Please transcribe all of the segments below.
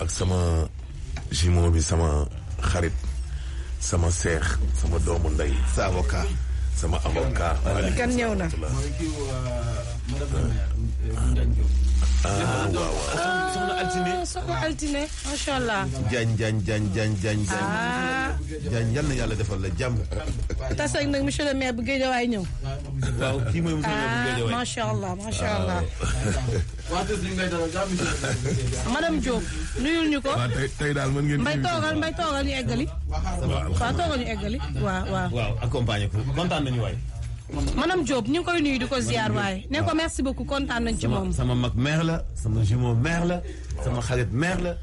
ak sama jumeau bi sama xarit sama seex sama doomu ndey. sa avocat. sama avocat. kan ñëw na. Euh, ah, euh, ah waaw waaw. Ah, soxna Altine ah, soxna Altine macha allah. Diagne Diagne Diagne Diagne Diagne. ah. Diagne yal na yàlla defal la jàmm. tas ak nag monsieur le maire bu Guédiawaye ñëw. waaw kii mooy monsieur le maire bu Guédiawaye. ah macha allah macha allah. madame Diop nuyul ñu ko. tey daal mën ngeen. mbay toogal mbay ñu eggali. waaw toogal ñu eggali waaw waaw. waaw ko kontaan nañu waay. madame Diop ñu ngi koy nuyu di ko ziar waaye ne ko merci beaucoup kontaan nañ ci moom. sama mag mère la sama jumeau mère la sama xarit mère la.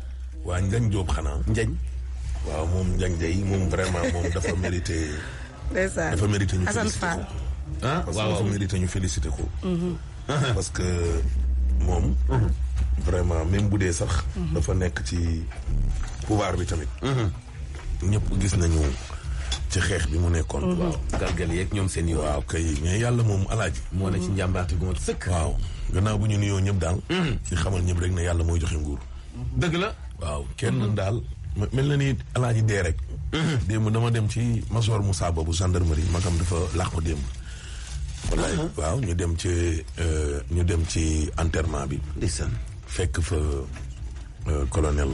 waa Njañ Diop xanaa Njañ. waaw moom Njañ day moom vraiment moom dafa mérité. Ah, ñu félicité ko. ah waaw ñu félicité ko. parce que. moom. Mhm. vraiment même bu dee sax. Mhm. dafa nekk ci pouvoir bi tamit. Mhm. ñëpp gis nañu ci xeex bi mu nekkoon. waaw galgal ñoom seen yoon. yàlla moom alaaji. moo ne ci njàmbaarte gu ma sëkk. waaw gannaaw bu ñu nuyoo ñëpp daal. ci xamal ñëpp rek ne yàlla mooy joxe nguur. dëgg la. waaw kenn daal mel na ni alaaji dee rek. démb dama dem ci Masor Moussa boobu gendarmerie magam dafa làqu démb. wallaay waaw ñu dem ci euh, ñu dem ci enterrement bi. ndeysaan fekk fa euh, colonel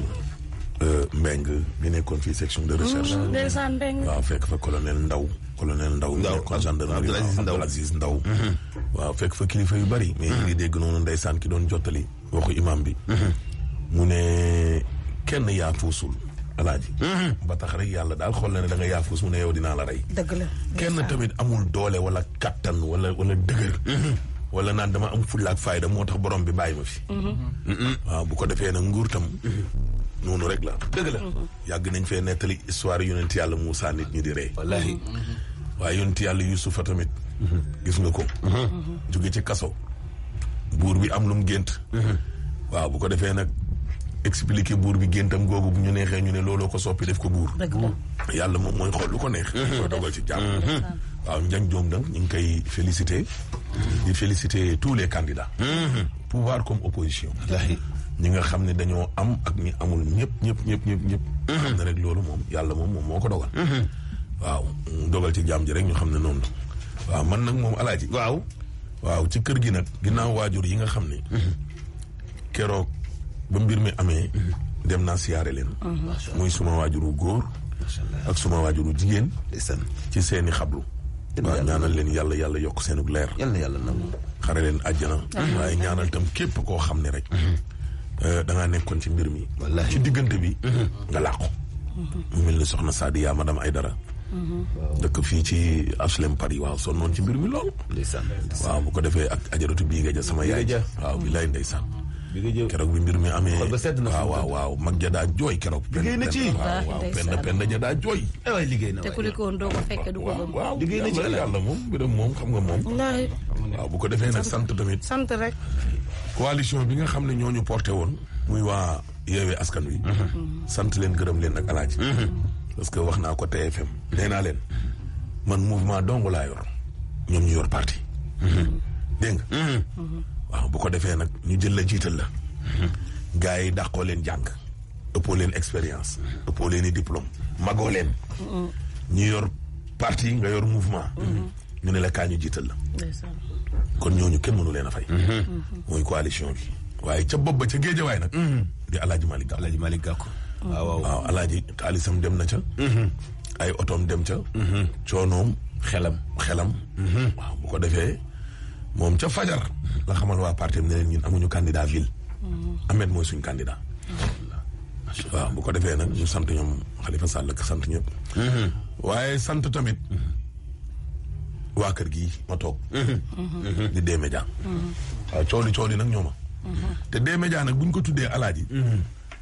euh, Mbeng mu nekkoon fii section de recherche. Hmm, ndeysaan waaw fekk fa colonel Ndaw. colonel Ndaw Ndaw nekkoon gendarmerie Abdoul Aziz Ndaw hmm. waaw fekk fa kilifa yu bari. mais ñu hmm. ngi dégg noonu ndeysaan ki doon jottali waxu imam bi. mu ne kenn yaa tuusul. alaaji mm-hmm. ba tax rek yàlla daal xool na ne da nga yaafus mu ne yow dinaa la rey kenn tamit amul doole wala kattan wala wala dëgër mm-hmm. wala naan dama am fulla ak moo tax borom bi bàyyi ma fi mm-hmm. waaw bu ko defee nag nguur tam noonu rek la dëgg la yàgg nañ fee nettali histoire yonent yàlla Moussa nit ñi di rey wallaahi waaye yonent yàlla Yuusufa tamit gis nga ko jóge ci kaso buur bi am lu mu gént waaw bu ko defee nag expliquer buur bi géntam googu bu ñu neexee ñu ne looloo ko soppi def ko buur yàlla moom mooy xool lu ko neex ko ci jàmm mhm. waaw njang joom ñu ngi koy féliciter di féliciter tous les candidats mhm. pouvoir comme opposition ñi nga xam ne dañoo am ak ñi amul ñëpp ñëpp ñëpp ñëpp ñëpp mhm. xam loolu moom yàlla moom moom moo ko dogal waaw ci jàmm ji rek ñu xam ne noonu la man nag moom alaaji waaw waaw ci kër gi nag ginnaaw waajur yi nga xam ne keroog ba mbir mi amee. dem naa siyaare leen. muy suma waajuru góor. ak suma waajuru jigéen. ci seeni xablu. waaw ñaanal leen yàlla yàlla yokk seenug leer. yàlla yàlla nangu. xare leen àjjana. waaye ñaanal tam képp koo xam ne rek. Mhm. Euh, da nekkoon ci mbir mi. ci diggante bi. Mhm. nga làqu. Mhm. mu mel ni soxna Sadiya madame Aydara. dëkk fii ci HLM Paris waaw sonnoon ci mbir mi lool. waaw bu ko defee ak ajaratu bii nga ja sama yaay. waaw bi lay ndeysaan. keroog bi mbir mi amee waaw waaw waaw mag ja jooy keroog liggéey na ci waaw penn ja daa jooy eh waay liggéey na te ku likoon doo ko fekke du ko waaw liggéey na ci yàlla moom bi moom xam nga moom bu ko defee nag sant tamit sant rek coalition bi nga xam ne ñooñu porté woon muy waa yeewee askan wi mhm. sant leen gërëm leen ak alaaji mhm. parce que wax naa ko TFM nee naa leen man mouvement dong laa yor ñoom ñu yor parti mhm. dégg waaw bu ko defee nag ñu jël la jiital la. Mm-hmm. gars yi dàqoo leen jàng. ëppoo leen expérience. Mm-hmm. ëppoo leen i magoo leen. Mm-hmm. ñu yor parti nga yor mouvement. ñu ne la kaa ñu jiital la. kon ñooñu kenn mënu leen a fay. mooy coalition waaye ca bopp ba ca géejawaay nag. di El Hadj Malick Gakou. El Hadj Malick Gakou. waaw waaw El Hadj dem na ca. ay otoom dem ca. coonoom xelam xelam. waaw ko defee. moom ca fajar la xamal waa parti am ne ñun amuñu candidat ville. Mm-hmm. Ahmed mooy suñu candidat. Mm-hmm. waaw bu ko defee nag ñu sant ñoom Khalifa Sall ak sant ñëpp. Mm-hmm. waaye sant tamit. waa kër gi ma toog. di D-Média. waaw cooli nag ñoo te D-Média nag buñ ko tuddee alaaji.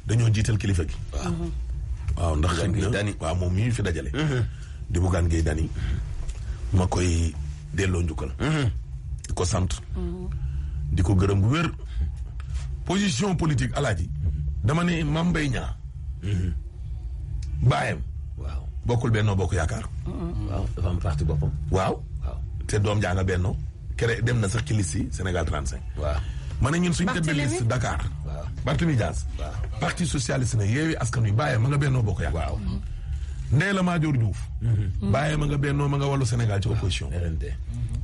dañoo jiital kilifa gi. waaw ndax xëy na waaw moom mi fi dajale. di Bougane Gueye Dany ma koy delloo njukkal. ko sant. di ko gërëm bu wér. position politique alaaji dama ne Mame Mbaye Niang. baayam. waaw bokkul Benno Bokk Yaakaar. waaw dafa am parti boppam. te doom jaa nga Benno. kere dem na sax ci liste yi Sénégal 35. waaw ma ne ñun suñu tëddee liste Dakar. waaw Barthélemy Dias. waaw parti socialiste na yeewi askan wi baayam ma nga Benno Bokk Yaakaar. waaw Ndella Madior Diouf. Mhm. baayam ma nga Benno ma nga wàllu Sénégal ci opposition.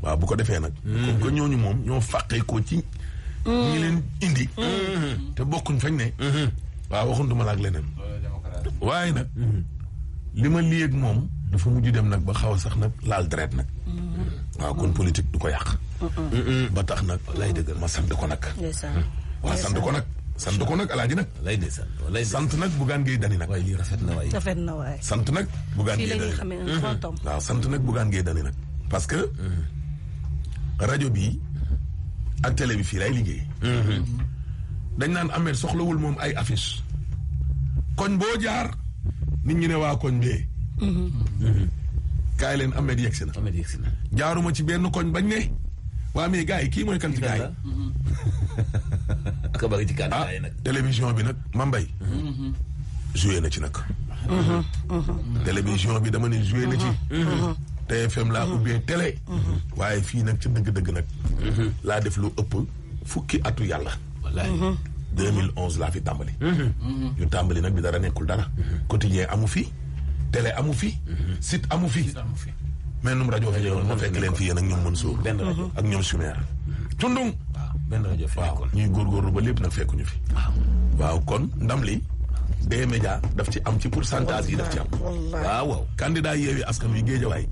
waaw bu ko defee nag. Mm-hmm. comme que ñooñu moom ñoo fàqee ci. Mm-hmm. ñi leen indi. Mm-hmm. te bokkuñ fañ ne. waaw waxuntuma la ak leneen. waaye nag. li ma lii ak moom dafa mujj dem nag ba xaw a sax nag laal deret nag. waaw kon politique du ko yàq. ba tax nag lay dëgg ma sant ko nag. waaw sant ko nag. sant ko nag alaaji nag. lay ndeysaan sant nag bugaan ngay dani nag. waaye lii rafet na waay. rafet na waay sant nag. bugaan ngay dani nag fii la ñuy sant nag bugaan ngay dani nag parce que. rajo bi ak télé bi fii lay liggéey. Mhm. dañ naan Ameth soxlawul moom ay affiche koñ boo jaar nit ñi ne waa koñ bee. Mhm. kaay leen Ameth yegsi na. Ameth yegsi jaaruma ci benn koñ bañ ne. waa mais gars kii mooy kan ci gars yi. kabar ah, nag. télévision bi nag Mambay. Mhm. joué na ci nag. télévision bi dama ne joué na ci. TFM laa ou mhm. bien télé. Mhm. waaye fii nag ci dëgg-dëgg nag. Mhm. laa def lu ëpp fukki atu yàlla. wallaay 2011 laa fi tàmbali. ñu tàmbali nag bi dara nekkul dara. quotidien amu fi. télé amu fi. site amu fi. mais num rajo fi ñëwoon ma fekk leen fi yéen ak ñoom Mansour. benn rajo ak ñoom Sumer. tundung waaw benn rajo fi waaw ñuy góorgóorlu ba lépp nag fekkuñu fi. Ah. waaw kon ndam li des médias daf ci am ci pour pourcentage yi daf ci am waaw waaw candidat yeewi askan wi géejawaay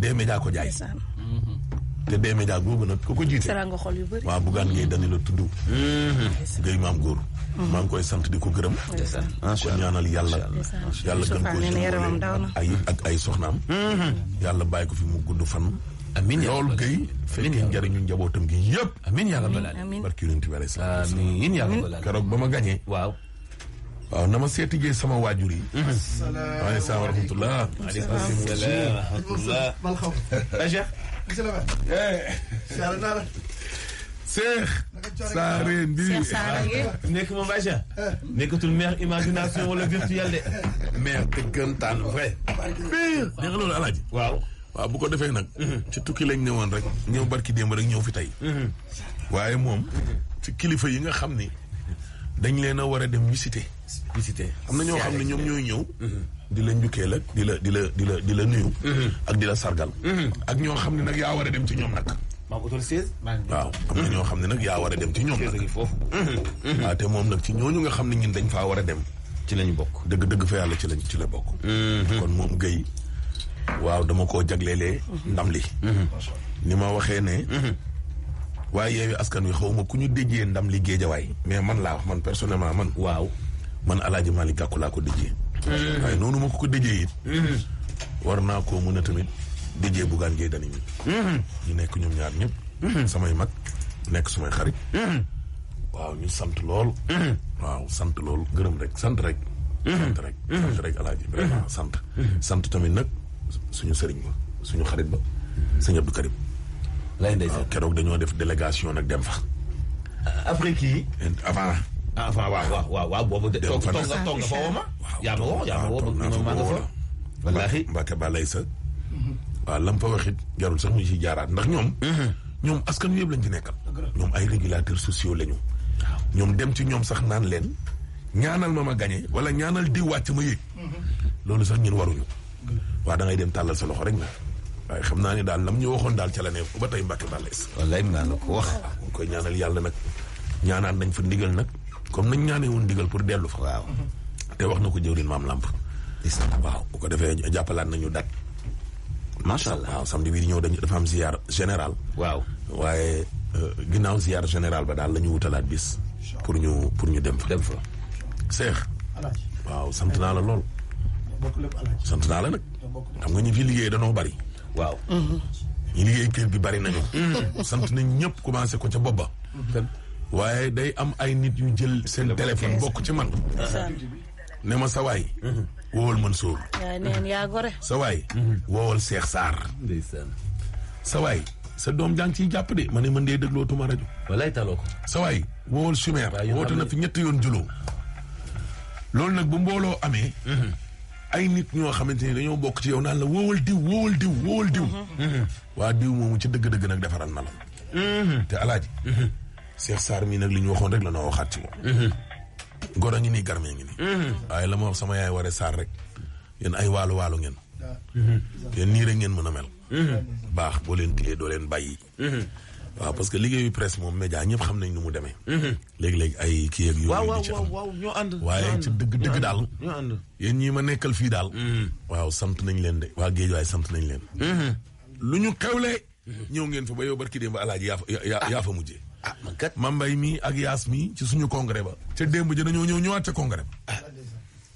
des médias ko jaay mm-hmm. te des médias googu nag ku ko jiite waaw buggaan ngay dani la tudd ngay maam góor maa ngi koy sant di ko gërëm ko ñaanal yàlla yàlla gën ko ay ak ay soxnaam mm-hmm. yàlla bàyyi ko fi mu gudd fan amiin loolu gay fekkee njëriñu njabootam gi yëpp amiin yàlla balaa amiin barki yonent bi alayhi salaam amiin yàlla balaa keroog ba ma gañee waaw waaw na ma seeti jee sama waajur yi. asalaamaaleykum mhm. wa rahmatulah. asalaamaaleykum wa rahmatulah. maa eh. ngi xaw ma. Cheikh. Saare Mbiri Cheikh Saare Mbiri. nekk moom Aja. nekkatul mère imagination wala virtuelle de. mère dëggantaan vrai. pire. dégg nga loolu Alaaji. waaw. waaw bu ko defee nag. Mhm. ci tukki lañ ñëwoon rek. ñëw barki démb rek ñëw fi tey. Mhm. waaye moom. ci kilifa yi nga xam ni. dañ leen a war a dem visiter. visiter am na ñoo xam ne ñoom ñooy ñëw. Mm-hmm. di la njukkeel ak di la di la di la di la nuyu. Mm-hmm. ak di la sargal. Mm-hmm. ak ñoo xam ne nag yaa war a dem ci ñoom nag. waaw am na ñoo xam ne nag yaa war a dem ci ñoom nag. waaw te moom nag ci ñooñu nga xam ne ñun dañ faa war a dem. ci lañu bokk dëgg dëgg fa yàlla ci lañ ci la bokk. kon moom Guèye waaw dama koo jaglelee. ndam li ni ma waxee ne. waaye yeewi askan wi xaw ma ku ñu déjee ndam li géejawaay mais man laa wax man personnellement man. waaw man Alaaji Malick Gakou laa ko déjee. Mm-hmm. waaye noonu ma ko ko déjee it. Mm-hmm. war naa koo mën a tamit déjee Bougane Gueye Dany mi. Mm-hmm. ñu nekk ñoom ñaar ñëpp. samay mag nekk sumay xarit. waaw ñu sant lool. waaw sant lool gërëm rek sant rek. sant rek sant rek sant. sant tamit nag suñu sëriñ ba suñu xarit ba sëñ Abdou Karim. lay ndeysaan ah, keroog dañoo def délégation nag dem fa. après kii. avant. avant ah, waaw waaw waaw waaw boobu. dem fa toog nga toog nga fa woo ma. yaa ma woo yaa ma woo ma Ba lay sa. Mhm. waaw lam fa waxit jarul sax mu si jaaraat ndax ñoom. Mhm. ñoom askan wi yëpp lañ ci nekkal. ñoom ay régulateurs sociaux lañu. ñoom dem ci ñoom sax naan leen. ñaanal ma ma gañe wala ñaanal di wàcc ma yéeg. Mhm. loolu sax ñun waruñu. waa da dem tàllal sa loxo rek la. waaye xam naa ne daal lam ñu waxoon daal ca la ne ba tey Mbàkke Balla Issa ko wax ah, koy ñaanal yàlla nag ñaanaat nañ fa ndigal nag comme nañ ñaanee woon ndigal pour dellu fa waaw te wax na ko jëwriñ maam làmp waaw bu ko defee jàppalaat nañu dat macha allah waaw samedi bii ñëw dañu dafa am ziar général waaw waaye euh, ginnaaw ziar général ba daal lañu ñu wutalaat bis pour ñu pour ñu dem fa dem fa seex waaw sant naa la lool sant naa la nag xam nga ñu fi liggéey danoo bari waaw. Mm-hmm. ñu liggéey kër gi bari nañu. Mm-hmm. sant nañ ñëpp commencé ko ca bobba mm-hmm. waaye day am ay nit yu jël seen téléphone bokk ci man. ne ma sa waay. woowal Mansour. neen yaa gore. sa waay. woowal Cheikh Sarr. sa waay sa doom jàng ciy jàpp de ma ne man dee déglootuma rajo. walaay ko. sa waay woowal Chumère. woote na fi ñetti yoon juloo. loolu nag bu mbooloo amee. ay nit ñoo xamante ni dañoo bokk ci yow naan la wóowal diw wóowal diw wóowal diw. Mm-hmm. waa diw moomu ci dëgg-dëgg nag defaral na la. Mm-hmm. te alaaji. Cheikh mm-hmm. Sarr mii nag li ñu waxoon rek la noo waxaat ci moom. goro ngi nii garmee ngi nii. waaye la ma sama yaay waree saar rek yéen ay waalo waalo ngeen. yéen nii rek ngeen mën a mel. baax boo leen tilee doo leen bàyyi. waaw parce que liggéeyu presse moom média ñëpp xam nañ nu mu demee. Mhm. léegi-léegi ay kii yeeg. waaw waaw ñoo ànd waaye ci dëgg daal. ñoo ñii ma nekkal fii daal. Mhm. waaw sant nañ leen de waa géej waaye sant nañ leen. Mhm. lu ñu xewlee. ñëw ngeen fa ba yow barki démb alaaji yaa yaa fa ah. mujjee. ah man kat Mambay mi ak Yaas mi ci suñu congrès ba. ca démb ja dañoo ñëw ñëwaat ca congrès ba. Ah.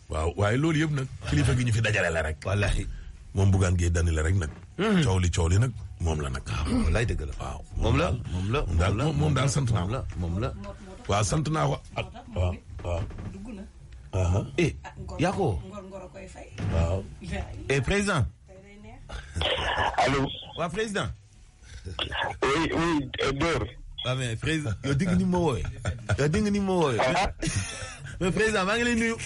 waaw waaye loolu yëpp nag. Ah. kilifa gi ñu fi dajale la rek. wallaahi moom bugaan gee dani la nag. coow li nag. moom la nag. Ah, waaw la waaw. moom la moom la moom la moom daal sant la moom la. waa sant naa ko ak waaw waaw. Eh, ah, eh, président. allo. waa président. oui oui ni ma wooyee. yow dégg ni ma wooyee. Ah. mais président maa ngi lay nuyu.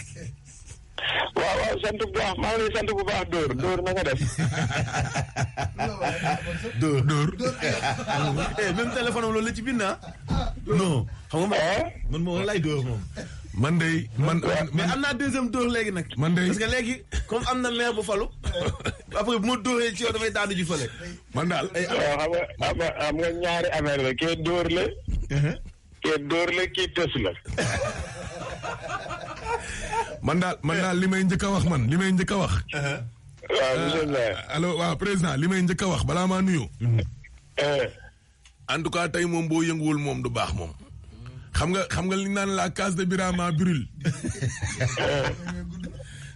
waaw waaw sant bu baax maa ngi lay sant bu baax Dóor Dóor na nga def. Dóor Dóor. Eh, même téléphone am loolu la ci bind ah. non xam nga man eh? moom lay Dóor moom. man de man mais am naa deuxième dóor léegi nag. man de parce que léegi comme am na maire bu falu. après bu ma dóoree ci yow damay daanu ji fële. man daal ay eh, am nga xam nga ñaari affaire la kii dóor la. Uh-huh. kii kii tës la. man daal man daal li may njëkk a wax man li may njëkk a wax. alo ah, allo waaw président li may njëkk a wax balaa maa nuyoo. en tout cas tey moom boo yënguwul moom du baax moom. xam nga xam nga li naan la case de Birama brûle.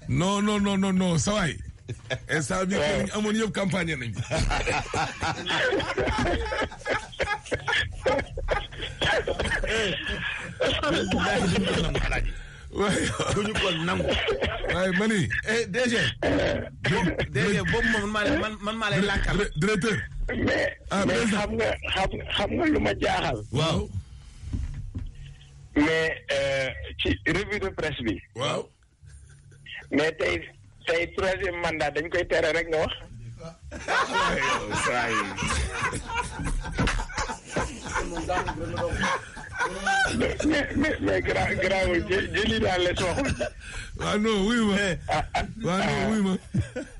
non non non non non sa waay. instant bii que ni amoon yëpp nañu. waaye duñu ko nangu. waaye mani. Eh, DG. moom man man maa lay làkkal. directeur. ah mais xam nga xam xam nga lu ma jaaxal. waaw. mais euh, ci revue de bi. waaw. mais tey tey troisième mandat dañ koy tere rek nga wax. mais mais mais gra grave wuy ma waaw nga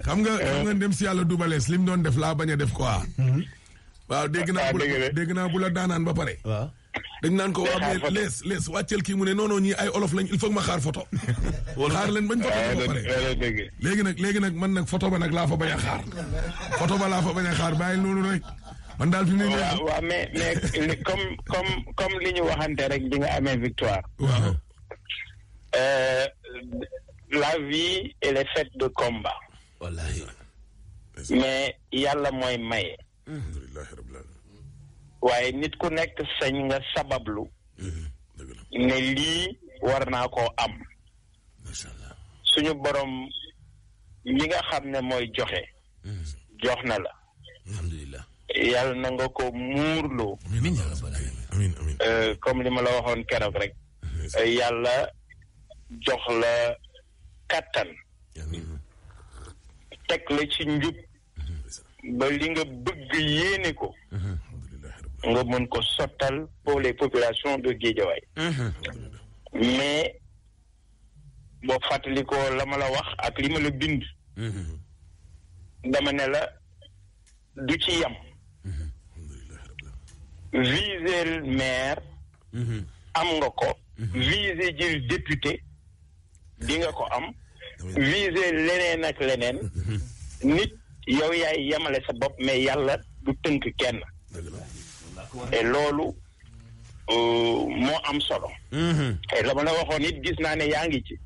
xam nga dem si yàlla dubalees li mu doon def laa bañ a def ko waa dégg naa bu la ah, dégg naa bu daanaan ba pare. waaw dañ naan ko waaw lees lees wàcceel kii mu ne non non ay olof lañ il faut ma xaar photo. xaar leen bañ photo ba ah, pare léegi nag léegi nag man nag ba nag laa fa a xaar photo ba laa fa man daal fi ne comme comme comme li ñu waxante rek di nga amee victoire. waaw. Euh, la vie elle est de combat. mais yàlla mooy maye. alhamdulilah waaye nit ku nekk sañ nga sabablu. Mhm, ne lii war naa koo am. suñu borom mi nga xam ne mooy joxe. Mhm. jox na la. alhamdulilah. yàlla na nga ko muurloo. amiin euh, comme li ma la waxoon keroog rek. Euh, yàlla jox la kàttan. teg la ci njub. ba li nga bëgg yéene ko. nga mën ko sottal pour les populations de Guédiawaye. mais boo fàttali la ma la wax ak li ma la bind. dama ne la du ci yam. viser maire. Mhm. am nga ko. Mhm. viser jël député di nga ko am. viser leneen ak leneen. Mhm. nit yow yaay yemale sa bopp mais yàlla du tënk kenn. et loolu euh, moo am solo. et la ma la waxoon it gis naa ne yaa ngi ci.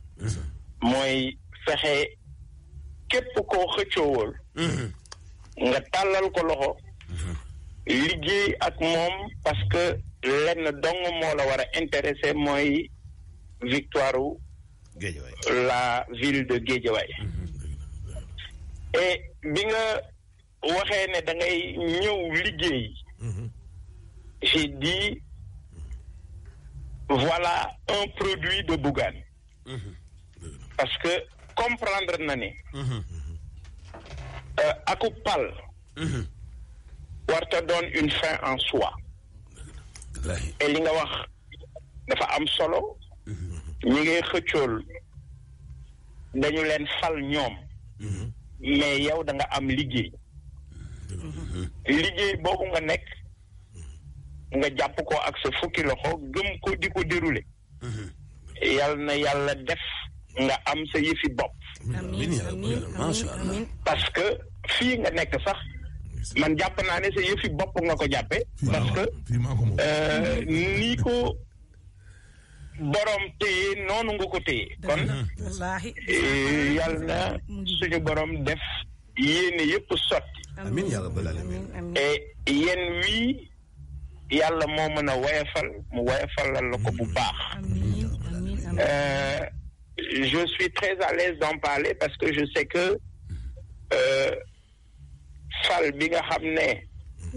mooy fexe képp koo xëccoowool. nga tàllal ko loxo. liggéey ak moom parce que lenn dong moo la war a intéressé mooy victoire la ville de Guédiawaye mhm. et bi nga waxee ne da ngay ñëw liggéey mhm. j'ai dit voilà un produit de Bougane mhm. parce que comprendre na ne euh, akupal warta doon une fin en soi et li nga wax dafa am solo mhm. ñi ngay xëccool dañu leen fal ñoom mhm. mais yow da nga am liggéey mhm. liggéey boobu nga nekk nga jàpp ko ak sa fukki loxo gëm ko di ko dérouler yal na yàlla def nga am sa yëfi bopp parce que fii nga nekk sax man jàpp naa ne sa yëfi bopp nga ko jàppe parce que nii euh, ko borom téye noonu nga ko téye kon yàlla euh, na borom def yéene yëpp sotti amin yaa rabbal alamin et yéen wii yàlla moo mën a woyafal mu woyafalal la ko bu baax euh, je suis très à l'aise d'en parler parce que je sais que euh, fal bi nga xam ne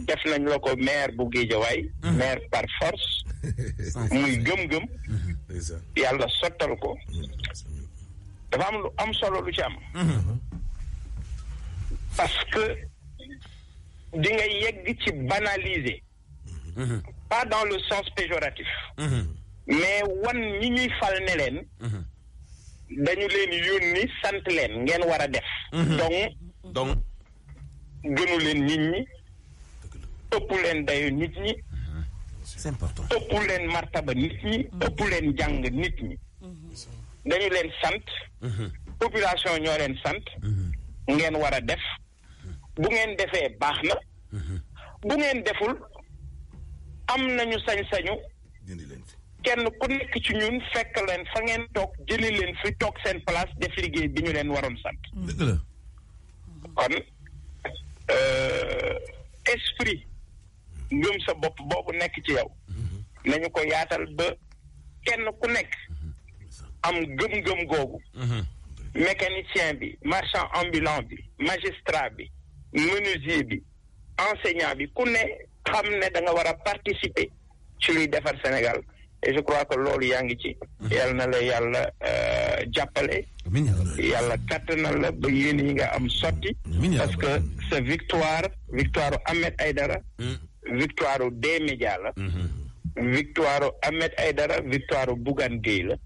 def nañ la ko maire bu Guédiawaye maire par force muy gëm-gëm yàlla sottal ko dafa am lu am solo lu ci am parce que dinga nga yegg ci banaliser pas dans le sens péjoratif mais wan ñi ñuy fal ne leen dañu leen yónni sant leen ngeen war a def donc donc gënu leen nit ñi ëpp leen dayo nit ñi c'est ëpp leen martaba nit ñi mhm. ëpp leen jàng nit ñi dañu mhm. leen sant mhm. population ñoo leen sant ngeen war a def bu ngeen defee baax na bu ngeen deful am nañu sañ-sañu kenn ku nekk ci ñun fekk leen fa ngeen toog jëli leen fi toog seen place def liggéey bi ñu leen waroon sant kon Euh, esprit ngëm sa bopp boobu nekk ci yow mhm. nañu ko yaatal ba kenn ku nekk mhm. am gëm-gëm googu mhm. mécanicien bi marchand ambulant bi magistrat bi menuisier bi enseignant bi ku ne xam ne da nga war a participer ci luy defar Sénégal et je crois que loolu yaa ngi ci mhm. yàlla na la yàlla euh, jàppale yàlla kattanal la ba yéen yi nga am sotti parce que sa victoire victoire u ay Aïdara victoire u des la mhm. victoire u Ahmed Aïdara victoire u Bougane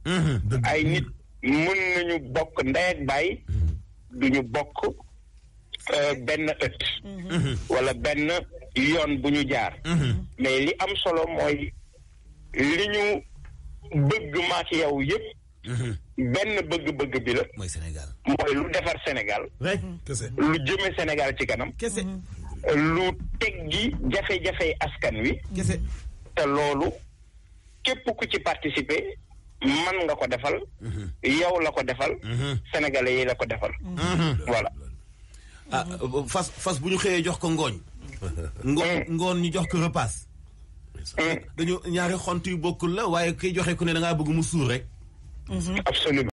mhm. la ay nit mën nañu bokk ndey ak baay duñu bokk euh, benn ëtt wala benn yoon bu ñu jaar mais li am solo mooy li ñu bëgg maak yow yëpp. Mhm. benn bëgg-bëgg bi la. mooy Sénégal mooy lu defar Sénégal. rek mhm. kese lu jëme Sénégal ci kanam. kese mhm. lu teggi jafe-jafe askan wi. kese te loolu képp ku ci participer man nga ko defal. yow la ko defal. sénégalais yi la ko defal. voilà. ah fas fas bu ñu xëyee jox ko ngooñ. ngoon ngoon ñu jox ko repas. dañu ñaari xont yu bokkul la waaye kiy joxe ku ne da ngaa bëgg mu suur rek. Mm-hmm. absolument.